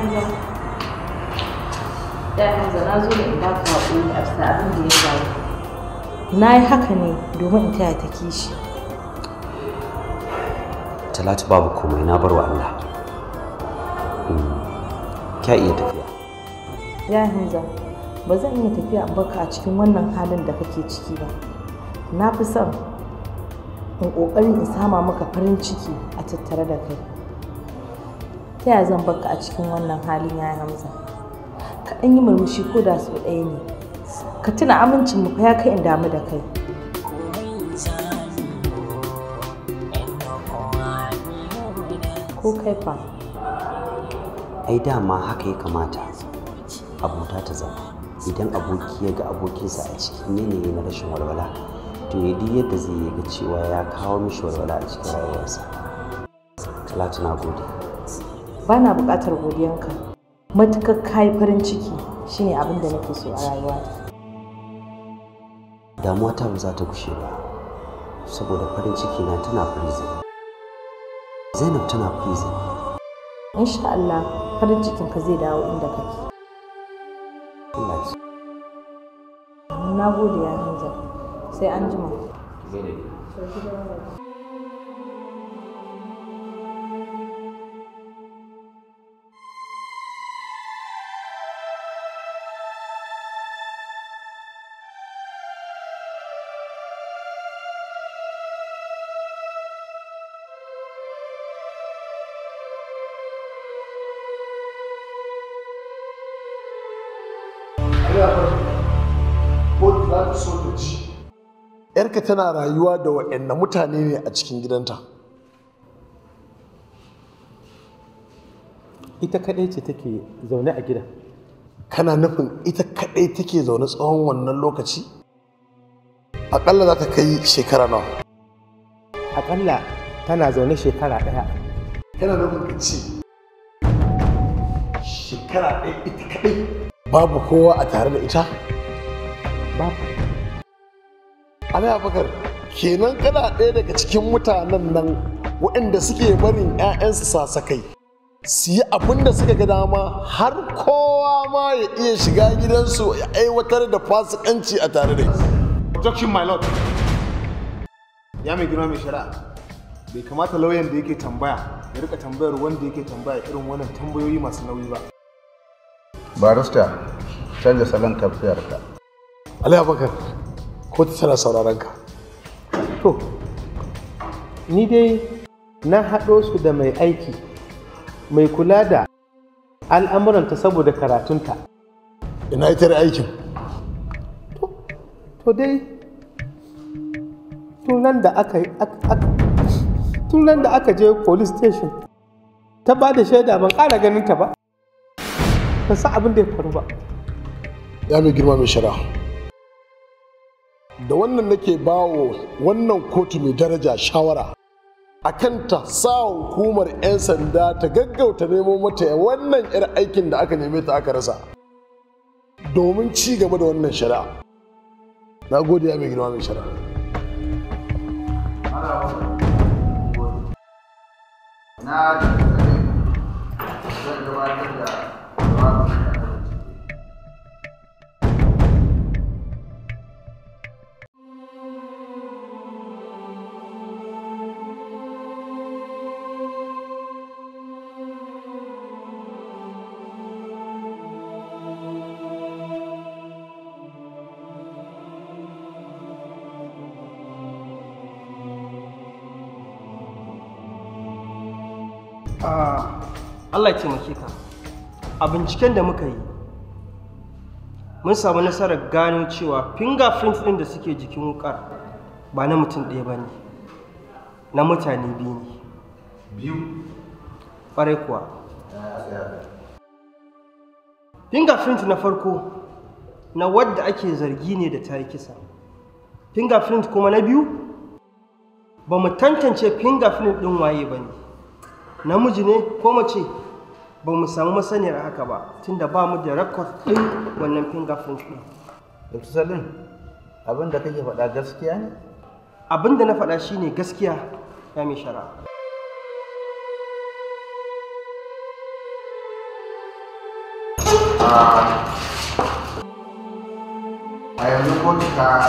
Hamza. na zo da a bisa abin da ya Na yi haka ne domin in taya ta kishi. Talatu babu komai na bar wa Allah. Mm. Kya iya tafiya. Ya Hamza, ba zan iya tafiya baka a cikin wannan halin da kake ciki ba. Na fi son in ƙoƙarin in sama maka farin ciki a tattare da kai. ta yaya zan baka a cikin wannan halin ya hamza ka ɗan yi murmushi ko da su ɗaya ne ka tuna amincin mu ya kai in damu da kai ko kai fa ai dama haka ya kamata abota ta zama idan aboki ya ga abokinsa a cikin yanayi na rashin walwala to ya duk yadda zai yi ga cewa ya kawo mishi walwala a cikin rayuwarsa talatu na gode ba na buƙatar godiyanka matukar kayi farin ciki shine abin da nake so a rayuwata damuwa ta ba za ta kushe ba saboda farin ciki na tana prison zainab tana prison insha Allah farin cikinka zai dawo inda kake na gode ya hanzar sai an jima yarka tana rayuwa da waɗanne mutane ne a cikin gidanta ita kaɗai ce take zaune a gidan kana nufin ita kaɗai take zaune tsawon wannan lokaci aƙalla za ta kai shekara nawa aƙalla tana zaune shekara ɗaya yana nufin ka ce shekara ɗaya ita kaɗai babu kowa a tare da ita babu ana bakar kenan kana ɗaya daga cikin mutanen nan waɗanda suke barin 'ya'yansu sasakai su yi abin da suka ga dama har kowa ma ya iya shiga gidansu ya aiwatar da fasikanci a tare da objection my lord ya mai girma mai shari'a bai kamata lauyan da yake tambaya ya rika tambayar wanda yake tambaya irin wannan tambayoyi masu nauyi ba barista canza salon tafiyarka Ali Abubakar ko ta tana sauraron ka to ni dai na haɗo su da mai aiki mai kula da al'amuranta saboda karatunta ina ita aikin to dai tunan da aka tun da aka je police station ta ba da shaida ban ƙara ganin ta ba ban san abin da ya faru ba ya mai girma mai shara da wannan nake bawo wannan kotu mai daraja shawara a kan ta sa hukumar 'yan sanda ta gaggauta nemo mata wannan 'yar aikin da aka neme ta aka rasa domin ci gaba da wannan shari'a na gode ya mai girma mai shari'a na zan gabatar da Ah, Allah ya taimake ka a binciken da muka yi mun samu nasarar gano cewa fingerprints ɗin da suke jikin wukar ba na mutum ɗaya ba ne na mutane biyu ne biyu ƙwarai kuwa ah, fingerprint na farko na wadda ake zargi ne da ta yi kisa fingerprint kuma na biyu ba mu tantance fingerprint ɗin waye ba ne namiji ne ko mace ba mu samu masaniyar haka ba tunda ba mu da rakwas ɗin wannan fingerprint ɗin. Dr. Salim, abin da kake faɗa gaskiya ne? Abin da na faɗa shine gaskiya ya mai shara. A yanzu ko ta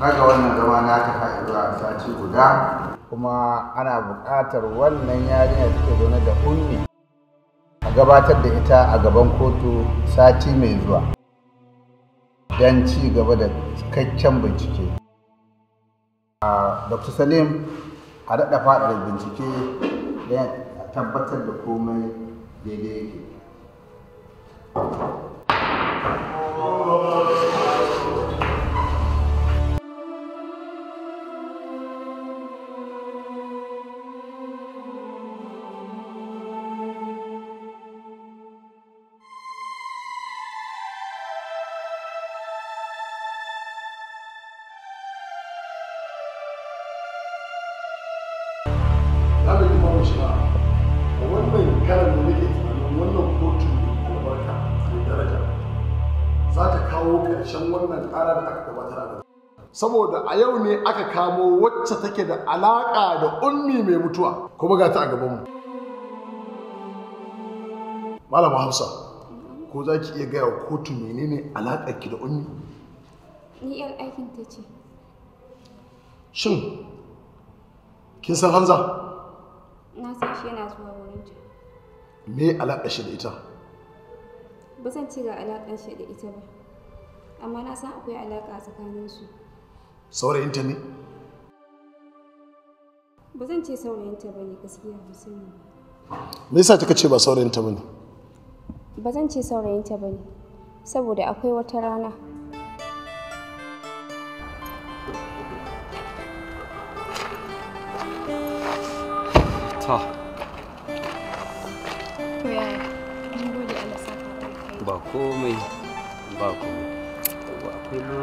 raga wannan zama na ta a sati guda kuma ana buƙatar wannan yarinya take zaune da ummi gabatar da ita a gaban kotu sati mai zuwa don ci gaba da cikakken bincike dr salim a daɗa faɗaɗa bincike don tabbatar da komai daidai yake kwamishina wannan karan da nake tunanin wannan kotu albarka mai daraja za ta kawo ƙarshen wannan ƙara da aka gabatar a saboda a yau ne aka kamo wacce take da alaƙa da ummi mai mutuwa kuma ga ta a gabanmu malama Hausa ko za ki iya gaya wa kotu menene alaƙar ki da ummi ni yar aikin ta ce shin kin san hanza Na san shi yana zuwa wurinta. Me alaƙa shi da ita? Ba zan ci ga alaƙar shi da ita ba, amma na san akwai alaƙa tsakaninsu. Saurayinta ne? Ba zan ce saurayinta ba ne gaskiya ba ne. Me yasa kika ce ba saurayinta ba ne? Ba zan ce saurayinta ba ne, saboda akwai wata rana to gode Allah ba komai ba komai akwai ma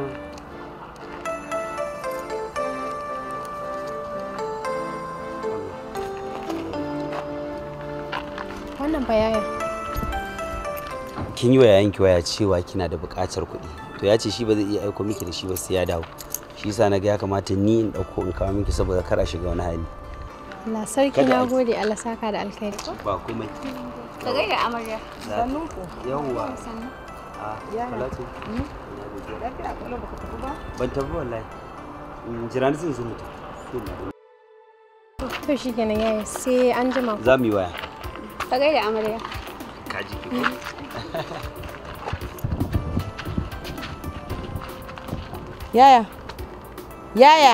wannan kin yi wa yayanki waya cewa kina da buƙatar kuɗi to ya ce shi ba zai iya aiko miki da shi ba sai ya dawo shi yasa na ga ya kamata ni in ɗauko in kawo miki saboda kar a shiga wani hali Allah sarki na gode Allah saka da alkhairi. Ba komai. Ka gaida amarya. Sannu ku. Yawwa. Ah, Talatu. Hmm? Ban wallahi. Mm, zo To shi kenan sai an jima. Za mu yi waya. Ka gaida amarya. ki. Hmm. Yaya. Yaya.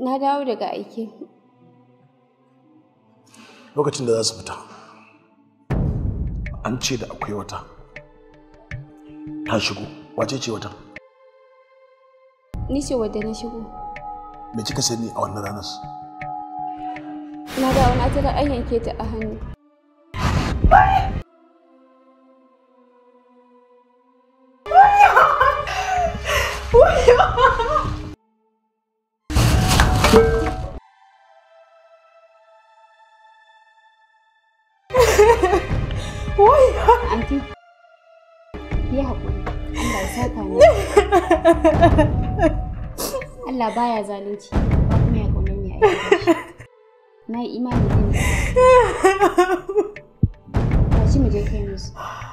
na dawo daga aiki lokacin da za su fita an ce da akwai wata ta shigo wace ce wata ni ce wadda na shigo me kika sani a wannan ranar na dawo na tara an yanke ta a hannu Why? Anti, ya haƙuri, Allah ya saka ni. Allah baya zalunci, ba kuma ya ƙaunar ni Na yi imani zan Ba shi mu je kai musu.